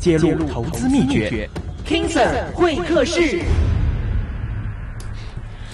揭露投資秘訣，KINGSIR 會客室。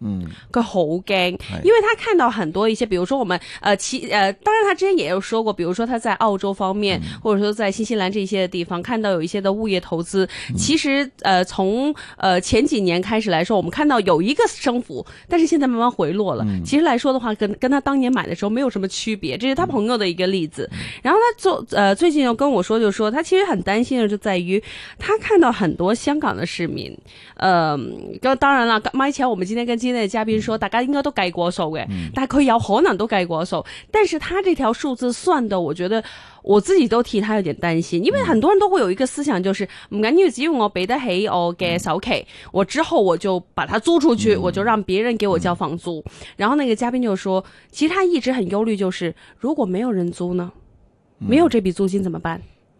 嗯，個好驚，因為他看到很多一些，比如說我們，呃，其，呃，當然他之前也有說過，比如說他在澳洲方面，或者說在新西蘭這些地方看到有一些的物業投資，嗯、其實，呃，從呃前幾年開始來說，我們看到有一個升幅，但是現在慢慢回落了。嗯、其實來說的話，跟跟他當年買的時候沒有什麼區別。這是他朋友的一個例子。嗯、然後他做，呃，最近又跟我說，就說他其實很擔心的就在於，他看到很多香港的市民，呃，就當然了，剛以前我們今天跟。今、那、的、個、嘉賓說大、欸嗯，大家應該都計過數，嘅，大概有可能都計過數，但是他這條數字算的，我覺得我自己都替他有點擔心，因為很多人都會有一個思想，就是唔緊要，因為我俾得起我嘅首期，我之後我就把它租出去，嗯、我就讓別人給我交房租。然後那個嘉賓就說，其實他一直很憂慮，就是如果沒有人租呢，沒有這筆租金怎麼辦？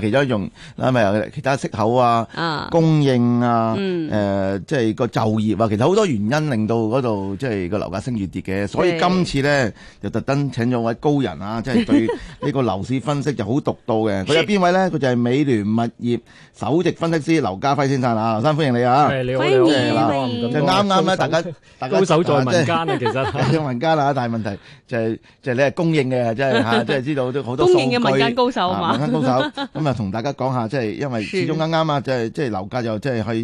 其中一用，咁啊，其他息口啊，供應啊，誒，即係個就業啊，其實好多原因令到嗰度即係個樓價升與跌嘅，所以今次咧就特登請咗位高人啊，即係對呢個樓市分析就好獨到嘅。佢係邊位咧？佢就係美聯物業首席分析師劉嘉輝先生啊，劉生歡迎你啊，歡迎你，就啱啱咧，大家高手在民間啊，其實民間啦，但係問題就係，就你係供應嘅，即係嚇，即係知道都好多數據，供應嘅民間高手啊嘛，民間高手咁啊。同大家講下，即係因為始終啱啱啊，即係即係樓價又即係去，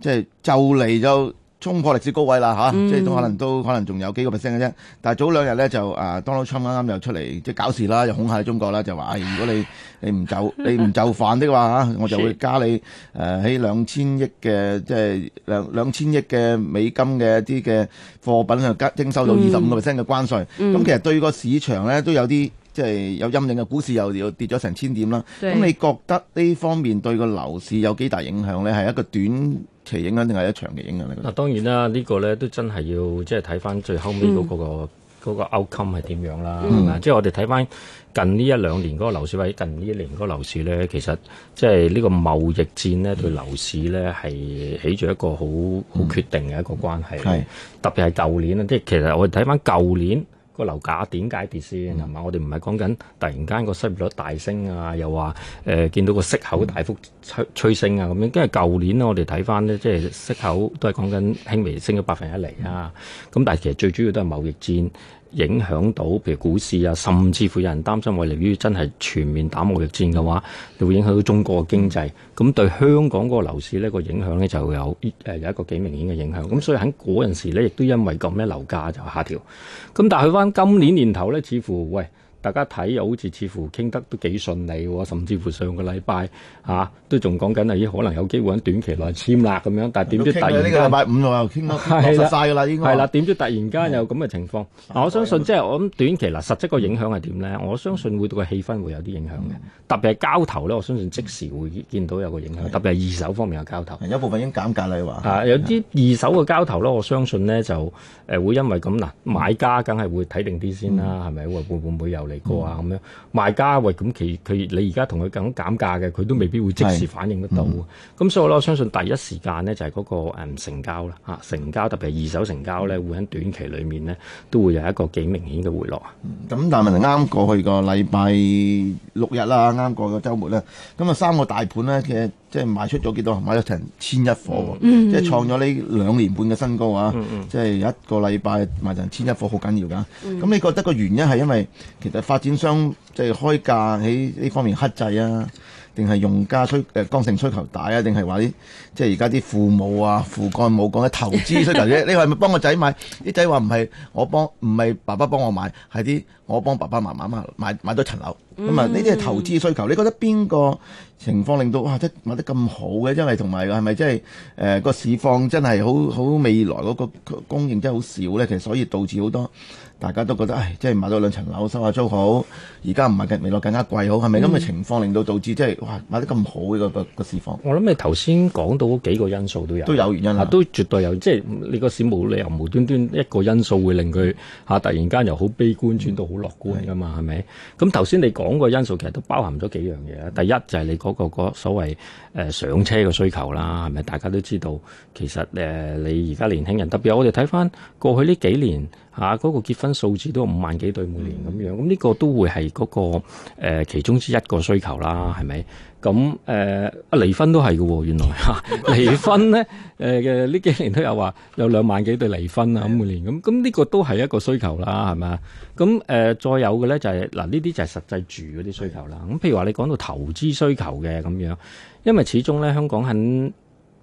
即係就嚟就，就，就，就，就衝破歷史高位啦吓，即係都可能都可能仲有幾個 percent 嘅啫。但係早兩日咧就啊，Donald Trump 啱啱又出嚟即係搞事啦，又恐嚇中國啦，就話，哎：如果你你唔就你唔就範的話 我就會加你誒喺兩千億嘅即係兩兩千億嘅美金嘅一啲嘅貨品啊，加徵收到二十五個 percent 嘅關稅。咁，嗯嗯、其實對個市場咧都有啲。即、就、係、是、有陰影嘅，股市又要跌咗成千點啦。咁你覺得呢方面對個樓市有幾大影響咧？係一個短期影響定係一長嘅影響咧？嗱，當然啦，這個、呢個咧都真係要即係睇翻最後尾嗰、那個、嗯那個嗰 outcome 係點樣啦、嗯。即係我哋睇翻近呢一兩年嗰個樓市或者近呢一年嗰個樓市咧，其實即係呢個貿易戰咧、嗯、對樓市咧係起住一個好好決定嘅一個關係。係、嗯、特別係舊年啊，即係其實我哋睇翻舊年，個樓價點解跌先？係、嗯、嘛？我哋唔係講緊突然間個失業率大升啊，又話誒、呃、見到個息口大幅吹、嗯、吹升啊咁樣。跟住舊年咧，我哋睇翻咧，即係息口都係講緊輕微升咗百分之一嚟啊。咁但係其實最主要都係貿易戰。影響到，譬如股市啊，甚至乎有人擔心，為嚟於真係全面打貿易戰嘅話，就會影響到中國嘅經濟。咁對香港個個樓市呢個影響呢，就會有誒有一個幾明顯嘅影響。咁所以喺嗰陣時呢，亦都因為咁咩樓價就下調。咁但係去翻今年年頭呢，似乎喂。大家睇又好似似乎傾得都幾順利喎，甚至乎上個禮拜嚇都仲講緊啊，咦可能有機會喺短期內簽啦咁樣。但係點知突然呢、呢個禮拜五又傾得、啊、落啦，應該係啦。點知突然間有咁嘅情況、嗯啊？我相信、嗯、即係我諗短期嗱，實質個影響係點咧？我相信會對個氣氛會有啲影響嘅、嗯，特別係交投咧。我相信即時會見到有個影響，嗯、特別係二手方面嘅交投。有、嗯、部分已經減價啦，你話、啊、有啲二手嘅交投咧。我相信咧就誒會因為咁嗱，買家梗係會睇定啲先啦，係、嗯、咪？會會唔會，會，會有？嚟過啊咁樣，賣家喂咁其佢你而家同佢咁減價嘅，佢都未必會即時反應得到。咁、嗯、所以咧，我相信第一時間咧就係嗰個成交啦嚇，成交特別係二手成交咧，會喺短期裡面咧都會有一個幾明顯嘅回落啊。咁、嗯、但係啱啱過去個禮拜六日啦，啱過去個週末咧，咁啊三個大盤咧其實。即、就、係、是、賣出咗幾多？賣咗成千一夥喎，即、嗯、係、就是、創咗呢兩年半嘅新高啊！即、嗯、係、就是、一個禮拜賣成千一夥，好緊要噶。咁你覺得個原因係因為其實發展商即係開價喺呢方面克制啊？定係用家需誒、呃、剛性需求大啊？定係話啲即係而家啲父母啊、父幹母講嘅投資需求啫、啊？你話係咪幫個仔買？啲仔話唔係我幫，唔係爸爸幫我買，係啲我幫爸爸媽媽買買買多層樓咁啊？呢啲係投資需求。嗯、你覺得邊個情況令到哇即買得咁好嘅？因為同埋係咪即係誒個市況真係好好，未來嗰個供應真係好少咧？其實所以導致好多。大家都覺得，唉，即係買到兩層樓收下租好。而家唔係嘅未來更加貴好，係咪咁嘅情況令到導致即係哇買得咁好嘅個市況？我諗你頭先講到幾個因素都有，都有原因、啊、都絕對有。嗯、即係你個市冇理由無端端一個因素會令佢嚇、啊、突然間由好悲觀轉到好樂觀噶嘛？係咪咁，頭先你講個因素其實都包含咗幾樣嘢。第一就係你嗰、那個所謂誒、呃、上車嘅需求啦，係咪大家都知道其實誒、呃、你而家年輕人特別我哋睇翻過去呢幾年。嚇，嗰個結婚數字都五萬幾對每年咁樣，咁呢個都會係嗰個誒其中之一個需求啦，係咪？咁誒啊離婚都係㗎喎，原來嚇離婚咧誒嘅呢幾年都有話有兩萬幾對離婚啊，每年咁，咁呢個都係一個需求啦，係咪啊？咁誒再有嘅咧就係嗱，呢啲就係實際住嗰啲需求啦。咁譬如話你講到投資需求嘅咁樣，因為始終咧香港肯。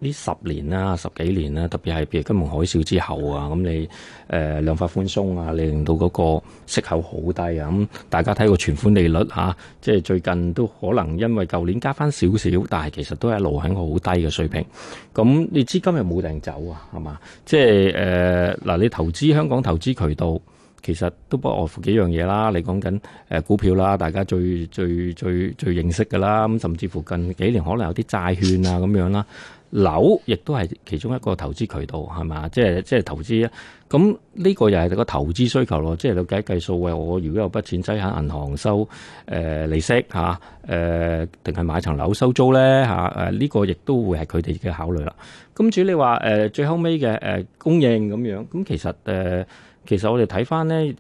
呢十年啦，十幾年啦，特別係譬如金融海嘯之後啊，咁你誒、呃、量化寬鬆啊，你令到嗰個息口好低啊，咁大家睇個存款利率啊，即係最近都可能因為舊年加翻少少，但係其實都係一路喺個好低嘅水平。咁你資金又冇定走啊，係嘛？即係誒嗱，你投資香港投資渠道。其實都不外乎幾樣嘢啦，你講緊誒股票啦，大家最最最最認識噶啦，咁甚至乎近幾年可能有啲債券啊咁樣啦， 樓亦都係其中一個投資渠道，係嘛？即係即係投資。咁呢個又係個投資需求咯，即係你計計數喂，我如果有筆錢擠喺銀行收誒、呃、利息吓，誒、啊，定、呃、係買層樓收租咧吓，誒、啊、呢、呢個亦都會係佢哋嘅考慮啦。咁至於你話誒最後尾嘅誒供應咁樣，咁其實誒。呃其實我哋睇翻呢，誒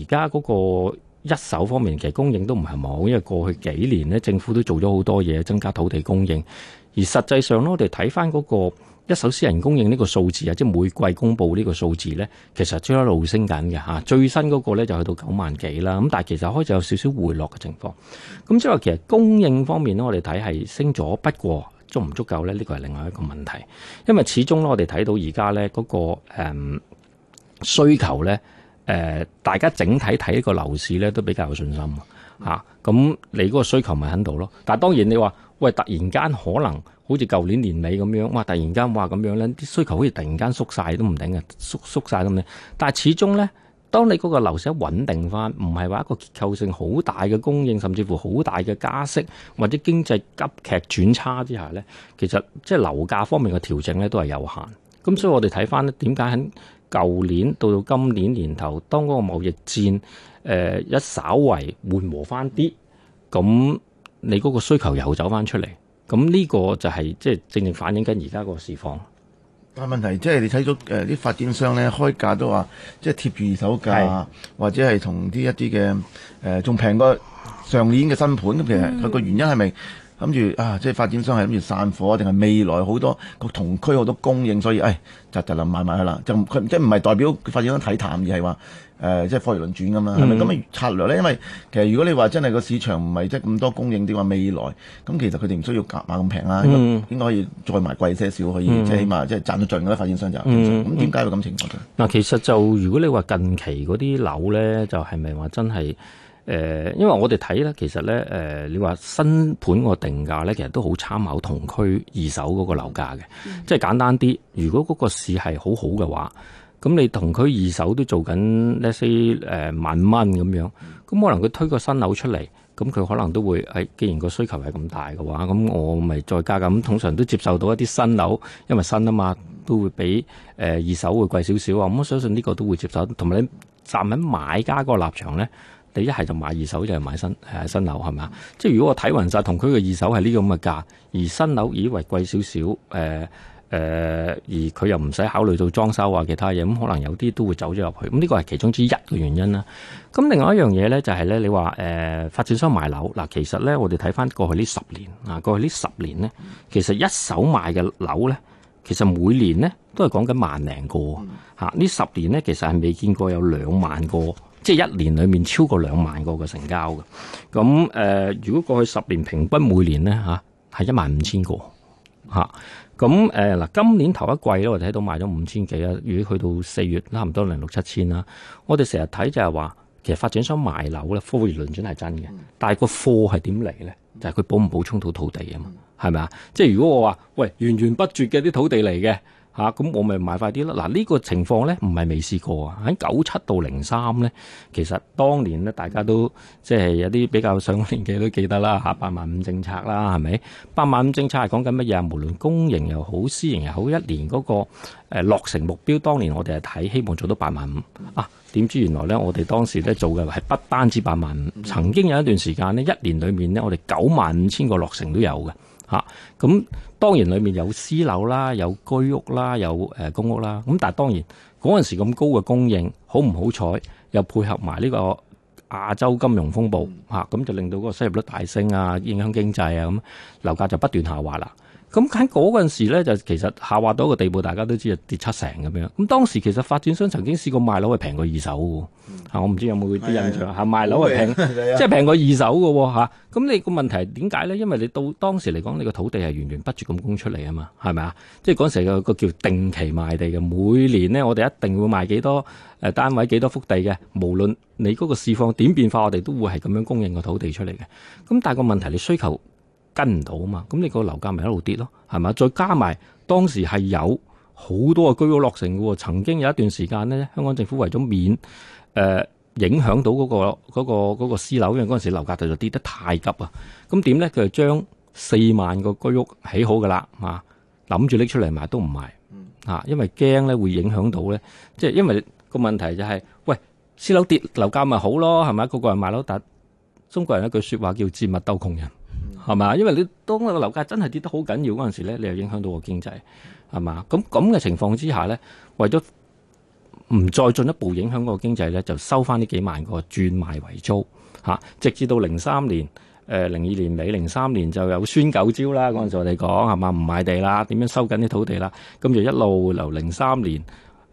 而家嗰個一手方面，其實供應都唔係冇，因為過去幾年呢，政府都做咗好多嘢，增加土地供應。而實際上呢，我哋睇翻嗰個一手私人供應呢個數字啊，即係每季公布呢個數字呢，其實一路升緊嘅吓。最新嗰個呢就去到九萬幾啦。咁但係其實開始有少少回落嘅情況。咁即係話其實供應方面呢，我哋睇係升咗，不過足唔足夠呢？呢個係另外一個問題，因為始終呢，我哋睇到而家呢嗰個誒。嗯需求呢、呃，大家整體睇一個樓市呢都比較有信心吓。咁你嗰個需求咪喺度咯。但係當然你話喂，突然間可能好似舊年年尾咁樣，哇！突然間哇咁樣呢，啲需求好似突然間縮晒都唔定嘅，縮縮晒咁樣。但係始終呢，當你嗰個樓市一穩定翻，唔係話一個結構性好大嘅供應，甚至乎好大嘅加息或者經濟急劇轉差之下呢，其實即係樓價方面嘅調整呢都係有限。咁所以我哋睇翻呢點解喺？舊年到到今年年頭，當嗰個貿易戰誒、呃、一稍為緩和翻啲，咁你嗰個需求又走翻出嚟，咁呢個就係即係正正反映緊而家個市況。但係問題即係你睇到誒啲、呃、發展商咧開價都話，即係貼住二手價，或者係同啲一啲嘅誒仲平過上年嘅新盤、嗯、其實佢個原因係咪？諗住啊，即係發展商係諗住散火，定係未來好多同區好多供應，所以誒，就就買埋去啦，就即係唔係代表發展商睇淡，而係話、呃、即係貨如輪轉咁啦，係咪咁嘅策略咧？因為其實如果你話真係個市場唔係即係咁多供應，點話未來咁，其實佢哋唔需要夾賣咁平啦，應該可以再賣貴些少，可以、嗯、即係起碼即係賺到盡嘅啦。發展商就咁點解會咁情況？嗱，其實就如果你話近期嗰啲樓咧，就係咪話真係？誒，因為我哋睇咧，其實咧，誒、呃，你話新盤個定價咧，其實都好參考同區二手嗰個樓價嘅，即係簡單啲。如果嗰個市係好好嘅話，咁你同區二手都做緊呢啲誒萬蚊咁樣，咁可能佢推個新樓出嚟，咁佢可能都會、哎、既然個需求係咁大嘅話，咁我咪再加。咁通常都接受到一啲新樓，因為新啊嘛，都會比、呃、二手會貴少少啊。我相信呢個都會接受。同埋你站喺買家嗰個立場咧，你一係就買二手，就係買新誒新樓，係咪、嗯、即係如果我睇暈曬，同區嘅二手係呢個咁嘅價，而新樓以為貴少少，誒、呃、誒、呃，而佢又唔使考慮到裝修啊其他嘢，咁可能有啲都會走咗入去。咁呢個係其中之一嘅原因啦。咁另外一樣嘢咧就係、是、咧，你話誒、呃、發展商賣樓嗱，其實咧我哋睇翻過去呢十年啊，過去呢十年咧，其實一手賣嘅樓咧，其實每年咧都係講緊萬零個呢、啊、十年咧其實係未見過有兩萬個。即係一年裏面超過兩萬個嘅成交嘅，咁誒、呃，如果過去十年平均每年咧吓係一萬五千個吓，咁誒嗱，今年頭一季咧我哋睇到賣咗五千幾啊，如果去到四月差唔多零六七千啦，我哋成日睇就係話，其實發展商賣樓咧，貨如輪轉係真嘅，但係個貨係點嚟咧？就係佢補唔補充到土地啊嘛，係咪啊？即係如果我話喂，源源不絕嘅啲土地嚟嘅。咁、啊、我咪買快啲啦嗱，呢、啊這個情況咧，唔係未試過啊！喺九七到零三咧，其實當年咧，大家都即係有啲比較上年紀都記得啦嚇、啊，八萬五政策啦，係咪？八萬五政策係講緊乜嘢啊？無論公營又好，私營又好，一年嗰、嗰個、呃、落成目標，當年我哋係睇希望做到八萬五啊！點知原來咧，我哋當時咧做嘅係不單止八萬五，曾經有一段時間呢，一年裏面咧，我哋九萬五千個落成都有嘅。咁、啊、當然裏面有私樓啦，有居屋啦，有、呃、公屋啦。咁但係當然嗰陣時咁高嘅供應，好唔好彩又配合埋呢個亞洲金融風暴咁、啊、就令到嗰個收入率大升啊，影響經濟啊，咁樓價就不斷下滑啦。咁喺嗰陣時咧，就其實下滑到一個地步，大家都知啊，跌七成咁樣。咁當時其實發展商曾經試過賣樓係平過二手喎、嗯。我唔知有冇啲印象嚇，賣樓係平，即係平過二手嘅喎。咁你個問題點解咧？因為你到當時嚟講，你個土地係源源不絕咁供出嚟啊嘛，係咪啊？即係嗰陣時個叫定期賣地嘅，每年呢，我哋一定會賣幾多誒單位幾多幅地嘅，無論你嗰個市況點變化，我哋都會係咁樣供應個土地出嚟嘅。咁但係個問題，你需求。跟唔到啊嘛，咁你個樓價咪一路跌咯，係咪？再加埋當時係有好多個居屋落成嘅喎，曾經有一段時間呢，香港政府為咗免誒、呃、影響到嗰、嗰個嗰嗰私樓，因為嗰陣時樓價就跌得太急啊。咁點呢？佢就將四萬個居屋起好㗎啦，啊，諗住拎出嚟賣都唔賣，啊，因為驚咧會影響到咧，即係因為個問題就係、是，喂，私樓跌樓價咪好咯，係咪？個個人買樓但中國人一句説話叫賤物鬥窮人。係嘛？因為你當個樓價真係跌得好緊要嗰陣時咧，你又影響到個經濟，係嘛？咁咁嘅情況之下咧，為咗唔再進一步影響嗰個經濟咧，就收翻呢幾萬個轉賣為租嚇，直至到零三年、誒零二年尾、零三年就有孫九招啦。嗰陣時我哋講係嘛？唔買地啦，點樣收緊啲土地啦？咁就一路由零三年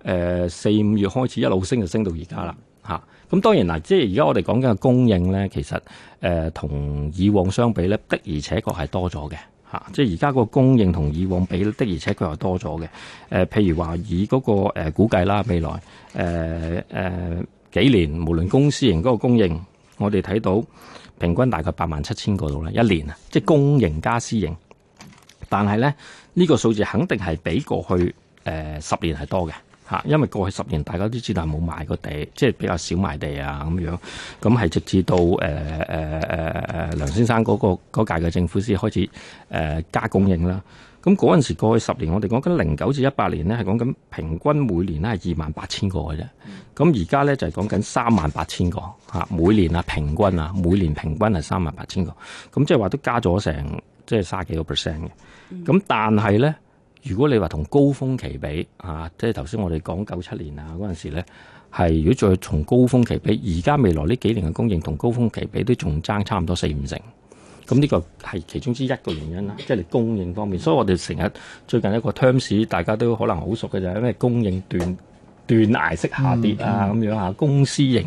誒四五月開始一路升，就升到而家啦。嚇！咁當然啦，即係而家我哋講緊嘅供應咧，其實誒同、呃、以往相比咧，的而且確係多咗嘅嚇。即係而家個供應同以往比，的而且確係多咗嘅。誒、呃，譬如話以嗰、那個、呃、估計啦，未來誒誒、呃呃、幾年，無論公私營嗰個供應，我哋睇到平均大概八萬七千個度啦，一年啊，即係公營加私營。但係咧，呢、這個數字肯定係比過去誒十、呃、年係多嘅。嚇！因為過去十年大家都知道係冇賣過地，即係比較少賣地啊咁樣。咁係直至到誒誒誒誒梁先生嗰、嗰個嗰屆嘅政府先開始誒、呃、加供應啦。咁嗰陣時過去十年，我哋講緊零九至一八年咧係講緊平均每年咧係二萬八千個嘅啫。咁而家咧就係講緊三萬八千個嚇，每年啊平均啊每年平均係三萬八千個。咁即係話都加咗成即係卅幾個 percent 嘅。咁但係咧。如果你話同高峰期比啊，即係頭先我哋講九七年啊嗰陣時咧，係如果再從高峰期比，而家未來呢幾年嘅供應同高峰期比都仲爭差唔多四五成，咁呢個係其中之一個原因啦，即係嚟供應方面。所以我哋成日最近一個 terms 大家都可能好熟嘅就係咩供應斷斷崖式下跌啊咁、嗯、樣啊，公私營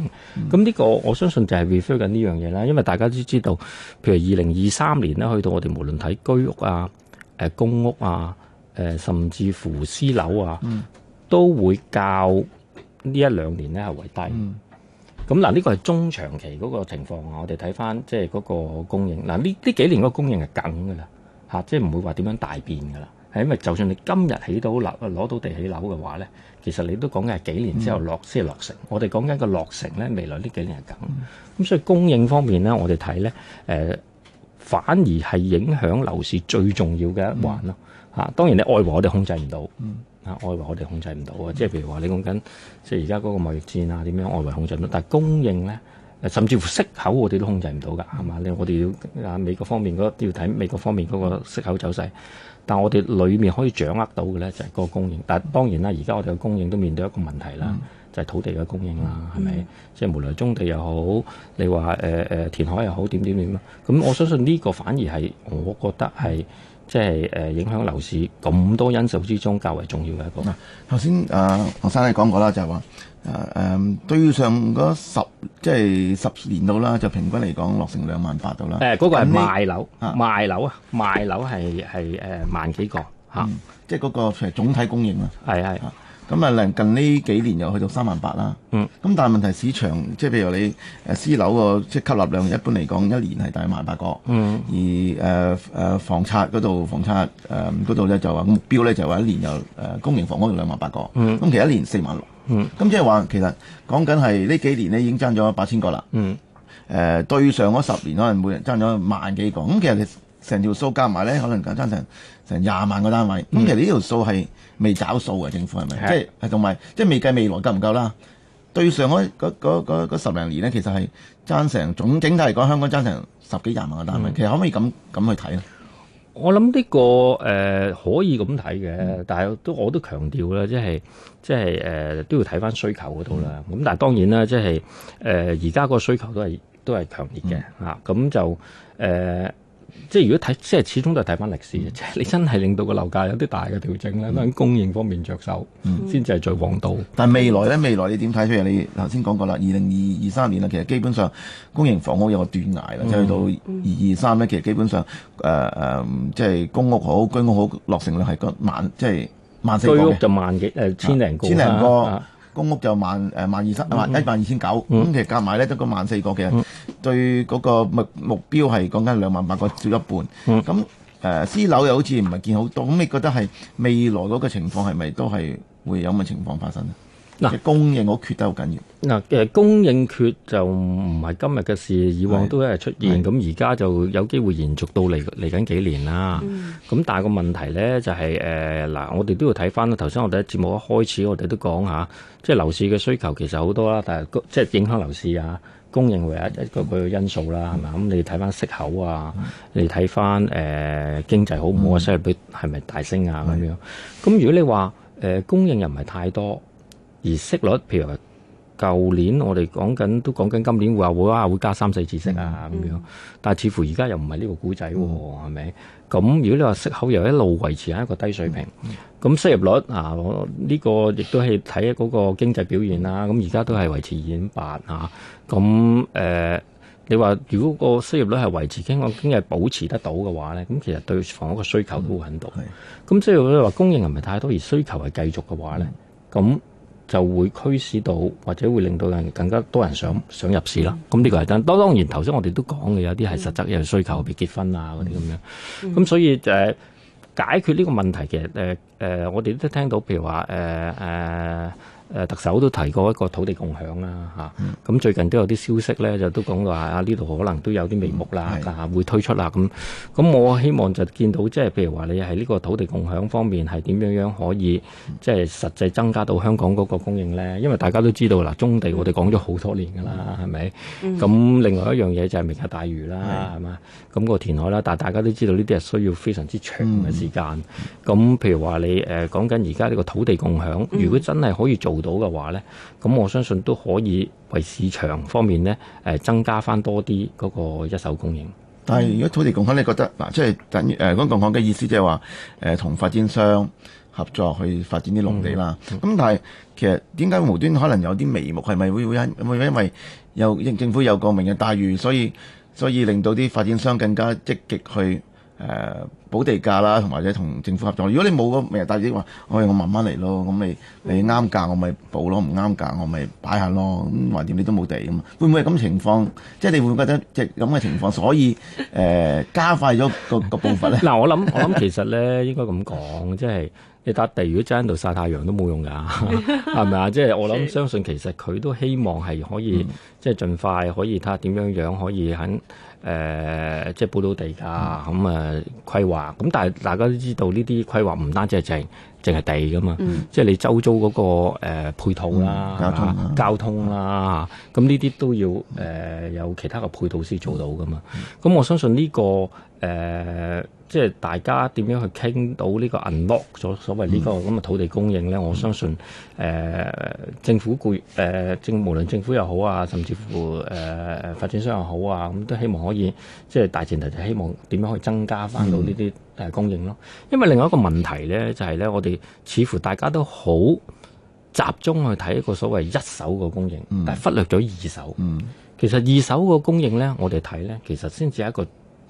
咁呢個我相信就係 refer 緊呢樣嘢啦，因為大家都知道，譬如二零二三年咧去到我哋無論睇居屋啊、誒、呃、公屋啊。誒、呃，甚至乎私樓啊、嗯，都會較這一兩呢一兩年咧係為低。咁、嗯、嗱，呢、這個係中長期嗰個情況。我哋睇翻即係嗰個供應嗱，呢、啊、呢幾年個供應係梗㗎啦，嚇、啊，即係唔會話點樣大變㗎啦。係因為就算你今日起到樓攞到地起樓嘅話咧，其實你都講緊係幾年之後落先係落成。嗯、我哋講緊個落成咧，未來呢幾年係梗。咁、嗯，所以供應方面咧，我哋睇咧誒，反而係影響樓市最重要嘅一環咯。嗯嚇、啊！當然你外圍我哋控制唔到，嚇、嗯啊、外圍我哋控制唔到啊！即係譬如話你講緊，即係而家嗰個貿易戰啊，點樣外圍控制唔到？但係供應咧，甚至乎息口我哋都控制唔到㗎，係嘛？你我哋要啊美國方面嗰都要睇美國方面嗰個息口走勢。但我哋裏面可以掌握到嘅咧，就係、是、個供應。但係當然啦，而家我哋嘅供應都面對一個問題啦、嗯，就係、是、土地嘅供應啦，係咪、嗯？即係無論中地又好，你話誒、呃呃、填海又好，點點點啊！咁我相信呢個反而係我覺得係。即係誒影響樓市咁多因素之中較為重要嘅一個。頭先、啊啊、學生你講過啦，就係話誒誒對上十即係十年度啦，就平均嚟講落成兩萬八度啦。嗰、啊嗰個係賣樓、啊、賣樓啊賣樓係、啊、萬幾個、啊嗯、即係嗰個誒總體供應係係、啊咁啊，近呢幾年又去到三萬八啦。嗯。咁但係問題市場，即係譬如你私樓個即吸納量一，一般嚟講一年係大萬八個。嗯。而誒、呃、房拆嗰度房拆誒嗰度咧就話目標咧就話一年又誒公營房屋兩萬八個。咁、嗯、其實一年四萬六。嗯。咁即係話其實講緊係呢幾年呢已經爭咗八千個啦。嗯。誒對上嗰十年可能每人爭咗萬幾個。咁其實成條數加埋咧，可能爭成成廿萬個單位。咁、嗯嗯、其實呢條數係未找數嘅，政府係咪？即係同埋即係未計未來夠唔夠啦。對上嗰嗰十零年咧，其實係爭成總整體嚟講，香港爭成十幾廿萬個單位。嗯、其實可唔可以咁咁去睇咧？我諗呢、呢個、呃、可以咁睇嘅，但係都我都強調啦，即係即係、呃、都要睇翻需求嗰度啦。咁、嗯、但係當然啦，即係而家個需求都係都係強烈嘅，咁、嗯啊、就、呃即係如果睇，即係始終都係睇翻歷史嘅。即係你真係令到個樓價有啲大嘅調整咧，喺供應方面着手，先至係最王道。但係未來咧，未來你點睇出嚟？你頭先講過啦，二零二二三年啦，其實基本上公營房屋有個斷崖啦，即、嗯、係到二二三咧，其實基本上誒誒，即、呃、係、就是、公屋好、居屋好，落成量係個萬，即、就、係、是、萬四個居屋就萬幾誒千零千零個。啊啊千公屋就萬誒萬二三啊萬一萬二千九，咁、嗯嗯嗯、其實夾埋咧得個萬四個嘅，對嗰個目目標係講緊兩萬八個少一半。咁誒私樓又好似唔係見好多，咁你覺得係未來嗰個情況係咪都係會有咁嘅情況發生咧？嗱，供應我覺得好緊要。嗱、啊，誒供應缺就唔係今日嘅事，以往都係出現，咁而家就有機會延續到嚟嚟緊幾年啦。咁、嗯、但係個問題咧就係、是、嗱、呃，我哋都要睇翻啦。頭先我哋一節目一開始我哋都講下，即係樓市嘅需求其實好多啦，但係即係影響樓市啊供應為一個、嗯、一個一個因素啦，係嘛？咁、嗯、你睇翻息口啊，你睇翻誒經濟好唔好啊，收入比係咪大升啊咁樣，咁如果你話誒、呃、供應又唔係太多。而息率，譬如舊年我哋講緊，都講緊今年會話哇會加三四次息啊咁、嗯、樣。但係似乎而家又唔係呢個古仔喎，係、嗯、咪？咁如果你話息口又一路維持喺一個低水平，咁、嗯、失業率啊呢、呢個亦都係睇嗰個經濟表現啦。咁而家都係維持二點八嚇咁誒。你話如果個失業率係維持經濟保持得到嘅話咧，咁其實對房屋嘅需求都會很多。咁、嗯、所以你話供應唔係太多，而需求係繼續嘅話咧，咁、嗯。就會驅使到，或者會令到人更，更加多人想想入市啦。咁、嗯、呢、這個係真。當當然頭先我哋都講嘅，有啲係實質嘅、嗯、需求，譬如結婚啊嗰啲咁樣。咁、嗯、所以、呃、解決呢個問題，其實、呃呃、我哋都聽到譬如話誒特首都提過一個土地共享啦，嚇、嗯，咁、啊、最近都有啲消息咧，就都講話啊，呢度可能都有啲眉目啦，嚇、嗯啊，會推出啦，咁，咁我希望就見到即係、就是、譬如話你喺呢個土地共享方面係點樣樣可以即係、嗯就是、實際增加到香港嗰個供應咧？因為大家都知道嗱，中地我哋講咗好多年㗎啦，係、嗯、咪？咁、嗯、另外一樣嘢就係明日大嶼啦，係嘛？咁、那個填海啦，但係大家都知道呢啲係需要非常之長嘅時間。咁、嗯、譬如話你誒講緊而家呢個土地共享，如果真係可以做、嗯，做到嘅話咧，咁我相信都可以為市場方面咧誒、呃、增加翻多啲嗰個一手供應。但係如果土地共享，你覺得嗱，即、啊、係等於誒嗰個共享嘅意思是，即係話誒同發展商合作去發展啲農地啦。咁、嗯、但係其實點解無端可能有啲眉目係咪會會因會因為有政政府有個明嘅待遇，所以所以令到啲發展商更加積極去。誒補地價啦，同或者同政府合作。如果你冇個明日大嶼話，我哋我慢慢嚟咯。咁你你啱價我咪補咯，唔啱價我咪擺下咯。咁橫掂你都冇地咁啊，會唔會係咁情況？即係你會唔會覺得即係咁嘅情況，所以誒、呃、加快咗個個步伐咧。嗱、 呃，我諗我諗其實咧應該咁講，即係。你笪地，如果真喺度曬太陽都冇用㗎，係咪啊？即、就、係、是、我諗，相信其實佢都希望係可以，嗯、即係盡快可以睇下點樣樣可以喺誒、呃，即係補到地價咁誒、嗯、規劃。咁但係大家都知道呢啲規劃唔單止係淨淨係地㗎嘛，嗯、即係你周遭嗰、那個、呃、配套啦、嗯、交通啦，咁呢啲都要誒、呃、有其他嘅配套先做到㗎嘛。咁、嗯、我相信呢、這個。誒、呃，即係大家點樣去傾到呢個 unlock 咗所謂呢個咁嘅土地供應咧、嗯？我相信誒、呃、政府僱誒政，無論政府又好啊，甚至乎、呃、發展商又好啊，咁都希望可以即係大前提就希望點樣去增加翻到呢啲供應咯、嗯。因為另外一個問題咧，就係咧，我哋似乎大家都好集中去睇一個所謂一手個供應、嗯，但忽略咗二手、嗯。其實二手個供應咧，我哋睇咧，其實先至係一個。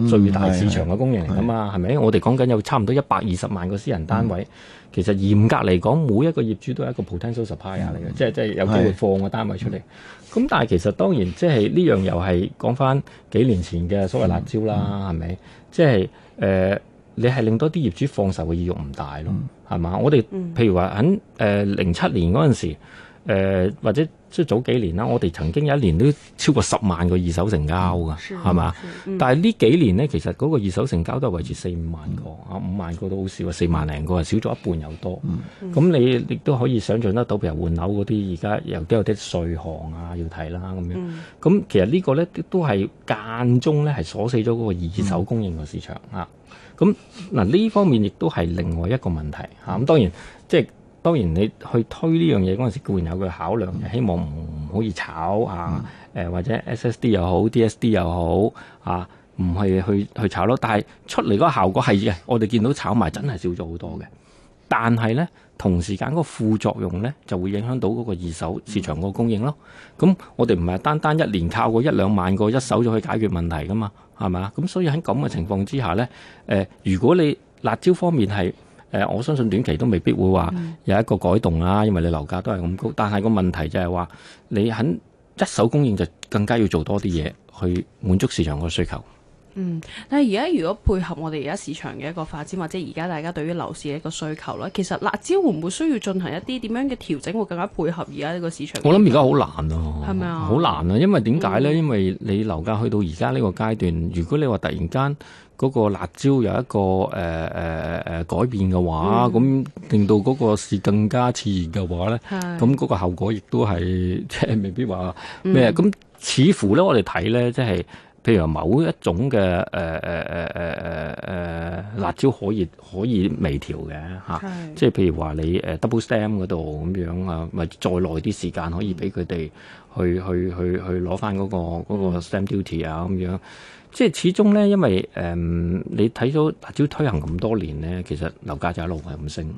最大市場嘅供應嚟噶嘛，係、嗯、咪？我哋講緊有差唔多一百二十萬個私人單位，嗯、其實嚴格嚟講，每一個業主都係一個 potential supplier 嚟嘅、嗯，即係即係有機會放個單位出嚟。咁、嗯、但係其實當然，即係呢樣又係講返幾年前嘅所謂辣招啦，係、嗯、咪、嗯？即係、呃、你係令多啲業主放售嘅意欲唔大咯，係、嗯、嘛？我哋譬如話喺誒零七年嗰陣時、呃，或者。即係早幾年啦，我哋曾經有一年都超過十萬個二手成交㗎，係嘛？嗯、但係呢幾年呢，其實嗰個二手成交都係維持四五萬個，啊、嗯、五萬個都好少啊，四萬零個少咗一半又多。咁、嗯嗯、你亦都可以想象得到，譬如換樓嗰啲，而家又都有啲稅項啊要睇啦咁樣咁、嗯嗯、其實呢個呢，都都係間中呢，係鎖死咗嗰個二手供應嘅市場嗯嗯啊。咁嗱呢方面亦都係另外一個問題嚇。咁、啊、當然即係當然，你去推呢樣嘢嗰陣時，固然有佢考量，就是、希望唔可以炒啊，誒或者 SSD 又好，DSD 又好啊，唔係去去炒咯。但係出嚟嗰個效果係嘅，我哋見到炒賣真係少咗好多嘅。但係呢，同時間嗰個副作用呢，就會影響到嗰個二手市場嗰個供應咯。咁我哋唔係單單一年靠個一兩萬個一手就可以解決問題㗎嘛，係咪啊？咁所以喺咁嘅情況之下呢，誒、呃、如果你辣椒方面係，誒、呃，我相信短期都未必會話有一個改動啦，嗯、因為你樓價都係咁高。但係個問題就係話，你肯一手供應就更加要做多啲嘢去滿足市場個需求。嗯，但係而家如果配合我哋而家市場嘅一個發展，或者而家大家對於樓市嘅一個需求咧，其實辣椒會唔會需要進行一啲點樣嘅調整，會更加配合而家呢個市場？我諗而家好難咯，係咪啊？好難啊！因為點解呢、嗯？因為你樓價去到而家呢個階段，如果你話突然間，嗰、那個辣招有一個誒誒、呃呃、改變嘅話，咁、嗯、令到嗰個事更加自然嘅話咧，咁嗰個效果亦都係即係未必話咩。咁、嗯、似乎咧，我哋睇咧，即係譬如某一種嘅誒誒誒辣招可以可以微調嘅，啊、即係譬如話你 double stamp 嗰度咁樣啊，咪再耐啲時間可以俾佢哋。嗯嗯去去去去攞翻嗰個嗰 stamp duty 啊，咁樣，即係始終咧，因為誒、嗯、你睇咗達招推行咁多年咧，其實樓價就一路係咁升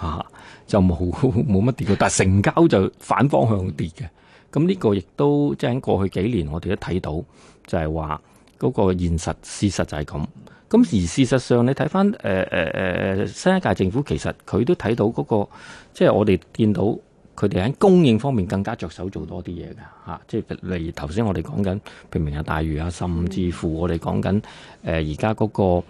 嚇、啊，就冇冇乜跌過，但成交就反方向跌嘅。咁呢個亦都即係、就是、過去幾年我哋都睇到，就係話嗰個現實事實就係咁。咁而事實上你睇翻誒誒誒誒新一屆政府其實佢都睇到嗰、那個，即、就、係、是、我哋見到。佢哋喺供應方面更加着手做多啲嘢嘅，嚇，即係例如頭先我哋講緊平民啊、大魚啊，甚至乎我哋講緊誒而家嗰個誒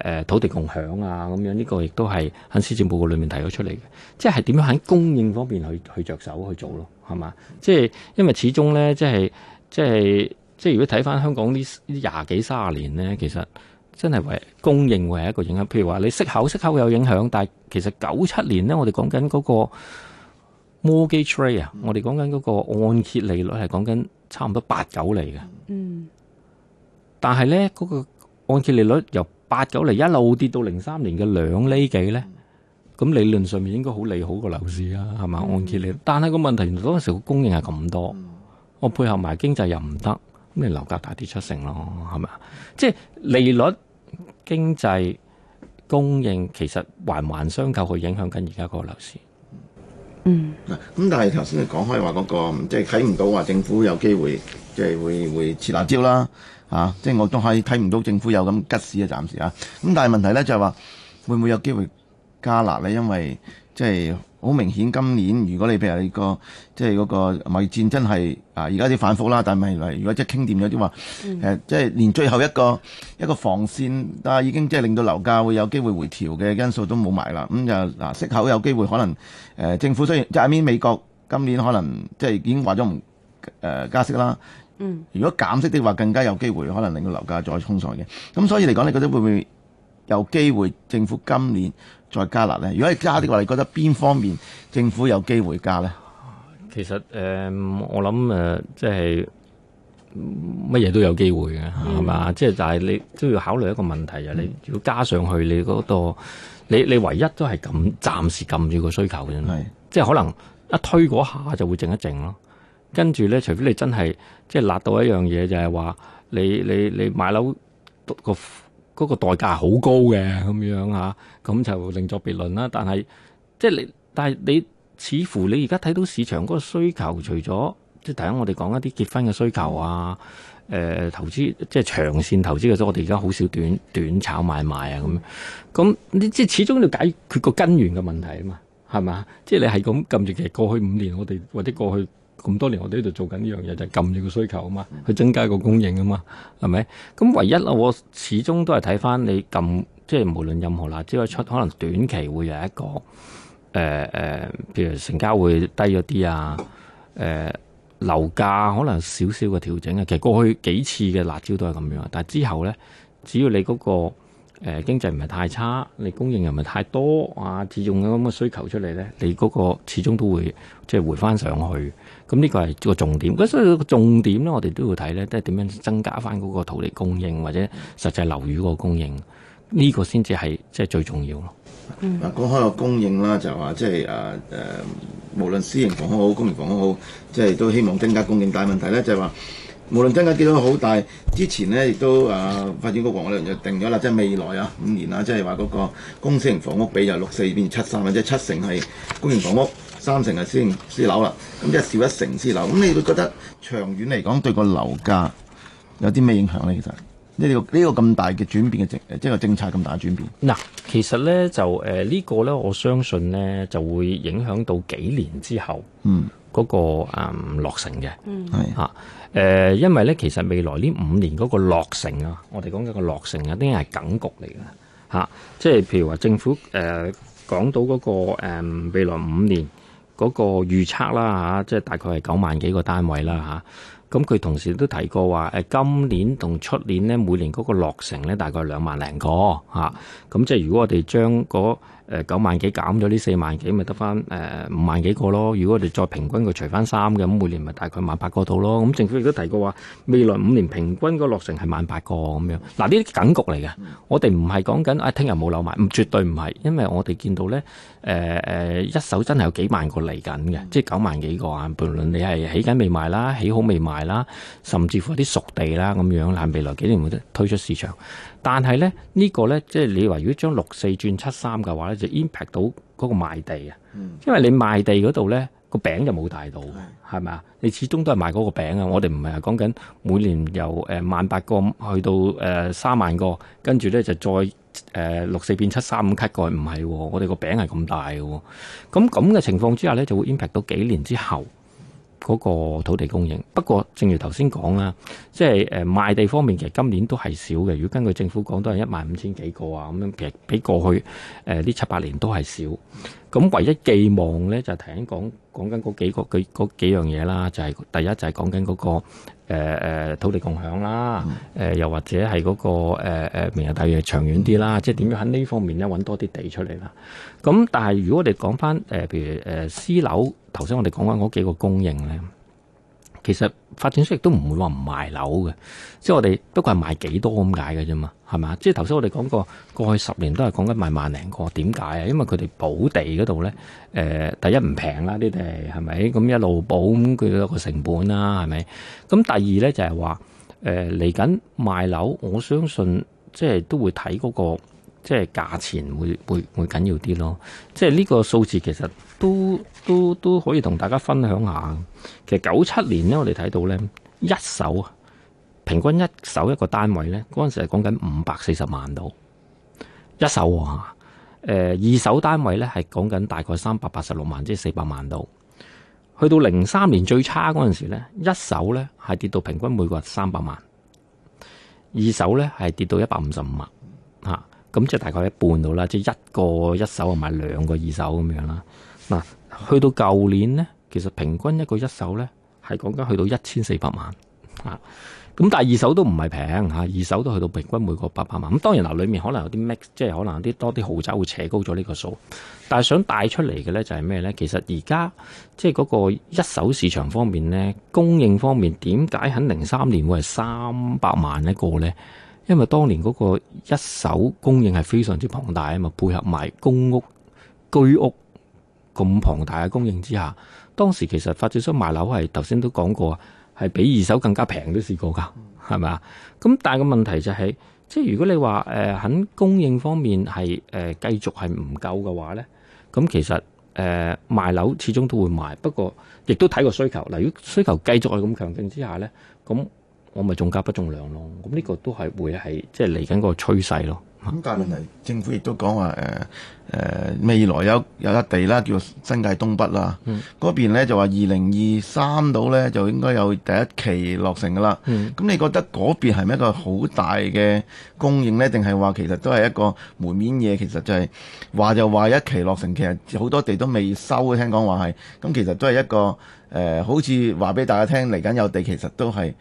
誒土地共享啊，咁樣呢個亦都係喺施政報告裏面提咗出嚟嘅，即係點樣喺供應方面去去著手去做咯，係嘛？即係因為始終呢，即係即係即係如果睇翻香港呢呢廿幾卅年呢，其實真係為供應會係一個影響。譬如話你息口息口有影響，但係其實九七年呢，我哋講緊嗰個。Mortgage rate 啊，我哋講緊嗰個按揭利率係講緊差唔多八九釐嘅，嗯，但係咧嗰個按揭利率由八九釐一路跌到零三年嘅兩釐幾咧，咁理論上面應該好利好個樓市啊，係嘛？按揭利率，但係個問題，嗰陣時個供應係咁多，我配合埋經濟又唔得，咁你樓價大跌七成咯，係咪啊？即係利率、經濟、供應其實環環相扣去影響緊而家個樓市。嗯嗱，咁但係頭先你講開話嗰個，即係睇唔到話政府有機會，即係會會撤辣招啦，吓、啊，即係我都係睇唔到政府有咁急事啊，暫時啊，咁但係問題咧就係話會唔會有機會加辣咧，因為即係。就是好明顯，今年如果你譬如你、個即係嗰個貿易戰真係啊，而家啲反覆啦，但係咪嚟？如果即係傾掂咗啲話，即、嗯、係、呃就是、連最後一個一個防線，但、啊、係已經即係令到樓價會有機會回調嘅因素都冇埋啦。咁就嗱、啊，息口有機會可能、呃、政府雖然係面、就是、美國今年可能即係、就是、已經話咗唔誒加息啦。嗯，如果減息的話，更加有機會可能令到樓價再衝上嘅。咁所以嚟講，你覺得會唔會有機會政府今年？再加辣咧？如果係加嘅話，你覺得邊方面政府有機會加咧？其實誒、呃，我諗誒、呃，即係乜嘢都有機會嘅，係、嗯、嘛？即係但係你都要考慮一個問題啊！你要加上去你、嗰個，你嗰個你你唯一都係咁暫時撳住個需求嘅即係可能一推嗰下就會靜一靜咯。跟住咧，除非你真係即係辣到一樣嘢，就係、是、話你你你買樓、嗰個。嗰個代價好高嘅咁樣吓，咁就另作別論啦。但係即係你，但係你似乎你而家睇到市場嗰個需求，除咗即係第一我哋講一啲結婚嘅需求啊，呃、投資即係長線投資嘅，所以我哋而家好少短短炒買賣啊咁。咁你即係始終要解決個根源嘅問題啊嘛，係嘛？即係你係咁撳住，其實過去五年我哋或者過去咁多年我哋喺度做緊呢樣嘢就係撳住個需求啊嘛，去增加個供應啊嘛，係咪？咁唯一啊，我始終都係睇返你撳，即係無論任何辣椒一出可能短期會有一個誒誒、呃呃，譬如成交會低咗啲啊，誒樓價可能少少嘅調整啊，其實過去幾次嘅辣椒都係咁樣，但之後咧，只要你嗰、那個。誒經濟唔係太差，你供應又唔係太多啊，自用咁嘅需求出嚟咧，你嗰個始終都會即係回翻上去。咁呢個係個重點。咁所以個重點咧，我哋都要睇咧，即係點樣增加翻嗰個土地供應，或者實際樓宇嗰個供應，呢個先至係即係最重要咯。嗱、嗯、講開個供應啦，就話即係誒誒，無論私營房屋好，公營房屋好，即係都希望增加供應，大問題咧就係話。無論增加幾多都好，但係之前咧亦都啊發展局黃偉綸就定咗啦，即係未來啊五年啊，即係話嗰個公私營房屋比就六四變七三，即係七成係公營房屋，三成係先私樓啦。咁即係少一成私樓，咁你覺得長遠嚟講對個樓價有啲咩影響咧、呢個呢個就是？其實呢就、呃呢個呢個咁大嘅轉變嘅政即係個政策咁大轉變。嗱，其實咧就誒呢個咧我相信咧就會影響到幾年之後。嗯。嗰、那個、嗯、落成嘅、啊，因為咧其實未來呢五年嗰個落成,落成啊，我哋講緊個落成啊，呢啲係梗局嚟嘅。即係譬如話政府誒、呃、講到嗰、那個、嗯、未來五年嗰個預測啦、啊、即係大概係九萬幾個單位啦、啊咁佢同時都提過話，誒今年同出年咧，每年嗰個落成咧，大概兩萬零個嚇。咁、啊、即係如果我哋將嗰九萬幾減咗呢四萬幾，咪得翻誒五萬幾個咯。如果我哋再平均佢除翻三嘅，咁每年咪大概萬八個度咯。咁政府亦都提過話，未來五年平均個落成係萬八個咁樣。嗱、啊，呢啲梗局嚟嘅，我哋唔係講緊啊，聽日冇樓賣，唔絕對唔係，因為我哋見到呢誒誒、呃、一手真係有幾萬個嚟緊嘅，即係九萬幾個啊。無論你係起緊未賣啦，起好未賣。啦，甚至乎啲熟地啦咁樣，係未來幾年會推出市場。但係咧，這個、呢個咧，即係你話如果將六四轉七三嘅話咧，就 impact 到嗰個賣地啊。因為你賣地嗰、那個、度咧個餅就冇大到，係咪啊？你始終都係賣嗰個餅啊。我哋唔係講緊每年由誒萬八個去到誒三萬個，跟住咧就再誒六四變七三五 cut 過，唔係、哦。我哋個餅係咁大嘅，咁咁嘅情況之下咧，就會 impact 到幾年之後。嗰、那個土地供應，不過正如頭先講啦，即係誒賣地方面，其實今年都係少嘅。如果根據政府講，都係一萬五千幾個啊，咁樣其實比過去誒呢、呃、七八年都係少。咁唯一寄望呢，就係聽講。講緊嗰幾個嗰幾樣嘢啦，就係第一就係講緊嗰個、呃、土地共享啦、呃，又或者係嗰、嗰個誒、呃、明日大嶼長遠啲啦，即係點樣喺呢方面咧揾多啲地出嚟啦。咁但係如果我哋講翻誒，譬如誒、呃、私樓，頭先我哋講翻嗰幾個供應咧，其實。發展商亦都唔會話唔賣樓嘅，即係我哋不過係賣幾多咁解嘅啫嘛，係咪？即係頭先我哋講過，過去十年都係講緊賣萬零個，點解啊？因為佢哋補地嗰度咧，誒，第一唔平啦，啲地係咪？咁一路補咁佢有個成本啦，係咪？咁第二咧就係話，誒嚟緊賣樓，我相信即係都會睇嗰個。即係價錢會會會緊要啲咯。即係呢個數字其實都都都可以同大家分享下。其實九七年呢，我哋睇到呢一手平均一手一個單位呢，嗰陣時係講緊五百四十萬度一手嚇、啊呃。二手單位呢，係講緊大概三百八十六萬，即係四百萬度。去到零三年最差嗰陣時呢，一手呢係跌到平均每個月三百萬，二手呢，係跌到一百五十五萬。咁、嗯、即係大概一半到啦，即係一個一手啊買兩個二手咁樣啦。嗱、啊，去到舊年呢，其實平均一個一手呢係講緊去到一千四百萬咁、啊、但係二手都唔係平，二手都去到平均每個八百萬。咁、啊、當然嗱，裏面可能有啲 mix，即係可能有啲多啲豪宅會扯高咗呢個數。但係想帶出嚟嘅呢就係咩呢？其實而家即係嗰個一手市場方面呢，供應方面點解喺零三年會係三百萬一個呢？因為當年嗰個一手供應係非常之龐大啊嘛，配合埋公屋、居屋咁龐大嘅供應之下，當時其實發展商賣樓係頭先都講過，係比二手更加平都試過㗎，係咪啊？咁但係個問題就係、是，即係如果你話誒喺供應方面係誒、呃、繼續係唔夠嘅話呢，咁其實誒、呃、賣樓始終都會賣，不過亦都睇個需求。例、呃、如需求繼續係咁強勁之下呢。咁。我咪重價不重量咯，咁呢個都係會係即係嚟緊個趨勢咯。咁但係問題，政府亦都講話誒未來有有一地啦，叫新界東北啦，嗰邊咧就話二零二三到咧就應該有第一期落成噶啦。咁、嗯、你覺得嗰邊係咪一個好大嘅供應咧？定係話其實都係一個門面嘢？其實就係話就話一期落成，其實好多地都未收，聽講話係咁，其實都係一個誒、呃，好似話俾大家聽嚟緊有地，其實都係。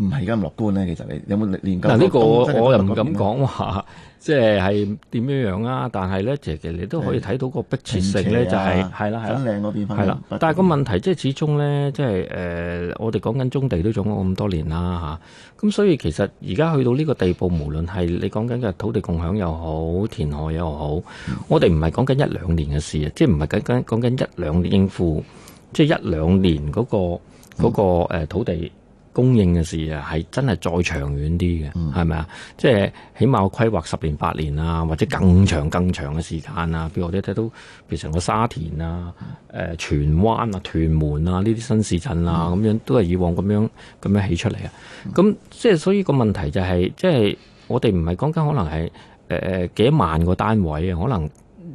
唔係而家咁樂觀咧，其實你，你有冇研究過？嗱、這個啊，呢個我又唔敢講話，即係係點樣樣啊？但係咧，其實你都可以睇到個迫切性咧、啊，就係係啦，係啦、啊，緊係啦，但係個問題即係始終咧，即係誒、呃，我哋講緊中地都種咗咁多年啦嚇。咁、啊、所以其實而家去到呢個地步，無論係你講緊嘅土地共享又好，填海又好，嗯、我哋唔係講緊一兩年嘅事啊、嗯！即係唔係緊緊講緊一兩年應付、嗯，即係一兩年嗰、那個嗰、嗯那個呃、土地。供應嘅事啊，係真係再長遠啲嘅，係咪啊？即係、就是、起碼規劃十年八年啊，或者更長更長嘅時間啊。譬如我哋睇到，譬如成個沙田啊、誒、呃、荃灣啊、屯門啊呢啲新市鎮啊，咁樣都係以往咁樣咁樣起出嚟啊。咁即係所以這個問題就係、是，即、就、係、是、我哋唔係講緊可能係誒、呃、幾萬個單位啊。可能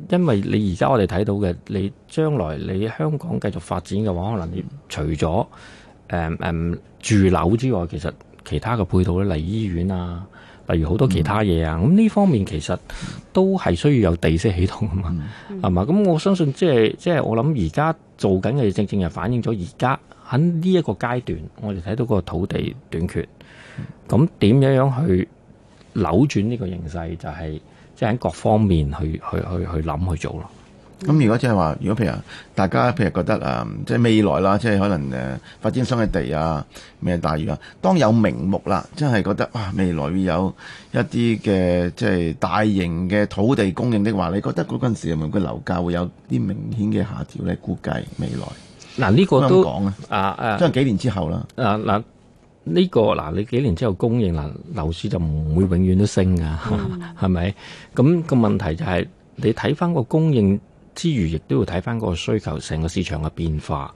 因為你而家我哋睇到嘅，你將來你香港繼續發展嘅話，可能你除咗誒誒，住樓之外，其實其他嘅配套咧，例如醫院啊，例如好多其他嘢啊，咁、嗯、呢方面其實都係需要有地息起動啊嘛，係、嗯、嘛？咁我相信即係即係，就是、我諗而家做緊嘅正正係反映咗而家喺呢一個階段，我哋睇到個土地短缺，咁點樣樣去扭轉呢個形勢，就係即係喺各方面去去去去諗去做咯。咁如果即係話，如果譬如啊，大家譬如覺得、嗯、啊，即係未來啦，即係可能誒發展商嘅地啊，咩大嶼啊，當有明目啦，即係覺得啊，未來會有一啲嘅即係大型嘅土地供應的話，你覺得嗰陣時啊，有冇樓價會有啲明顯嘅下調咧？估計未來嗱呢、啊這個都咁講啊，啊啊，即係幾年之後啦。嗱、啊、嗱，呢、啊這個嗱、啊、你幾年之後供應嗱、啊、樓市就唔會永遠都升㗎，係、嗯、咪？咁、那個問題就係、是、你睇翻個供應。之餘，亦都要睇翻嗰個需求，成個市場嘅變化。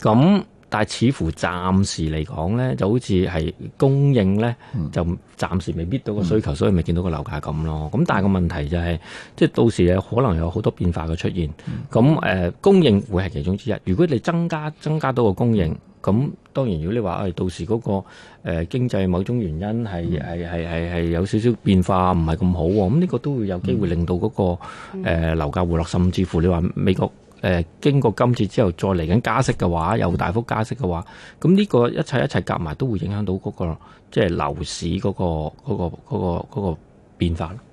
咁，但係似乎暫時嚟講呢，就好似係供應呢，就暫時未 meet 到個需求，所以咪見到個樓價咁咯。咁但係個問題就係、是，即係到時可能有好多變化嘅出現。咁誒、呃，供應會係其中之一。如果你增加增加到個供應，咁。當然，如果你話、誒、到時嗰個誒經濟某種原因係、嗯、有少少變化，唔係咁好喎，咁呢個都會有機會令到嗰個誒樓價回落，甚至乎你話美國誒、呃、經過今次之後再嚟緊加息嘅話，又大幅加息嘅話，咁呢個一切一切夾埋都會影響到嗰個即係樓市嗰個嗰個嗰個嗰個變化。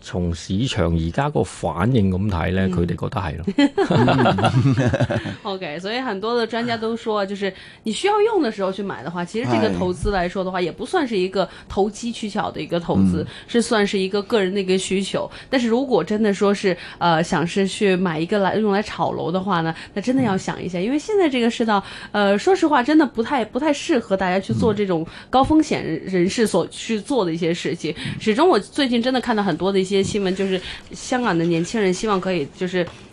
從市場而家個反應咁睇呢，佢、嗯、哋覺得係咯。 O、okay, K，所以很多的專家都說就是你需要用的時候去買的話，其實這個投資來說的話，也不算是一個投機取巧的一個投資、嗯，是算是一個個人的一個需求。但是如果真的說是，呃，想是去買一個來用來炒樓的話呢，那真的要想一下，因為現在這個世道，呃，說實話真的不太不太適合大家去做這種高風險人士所去做的一些事情。嗯，始終我最近真的看到很多的一些。一些新聞就是香港的年輕人希望可以就是。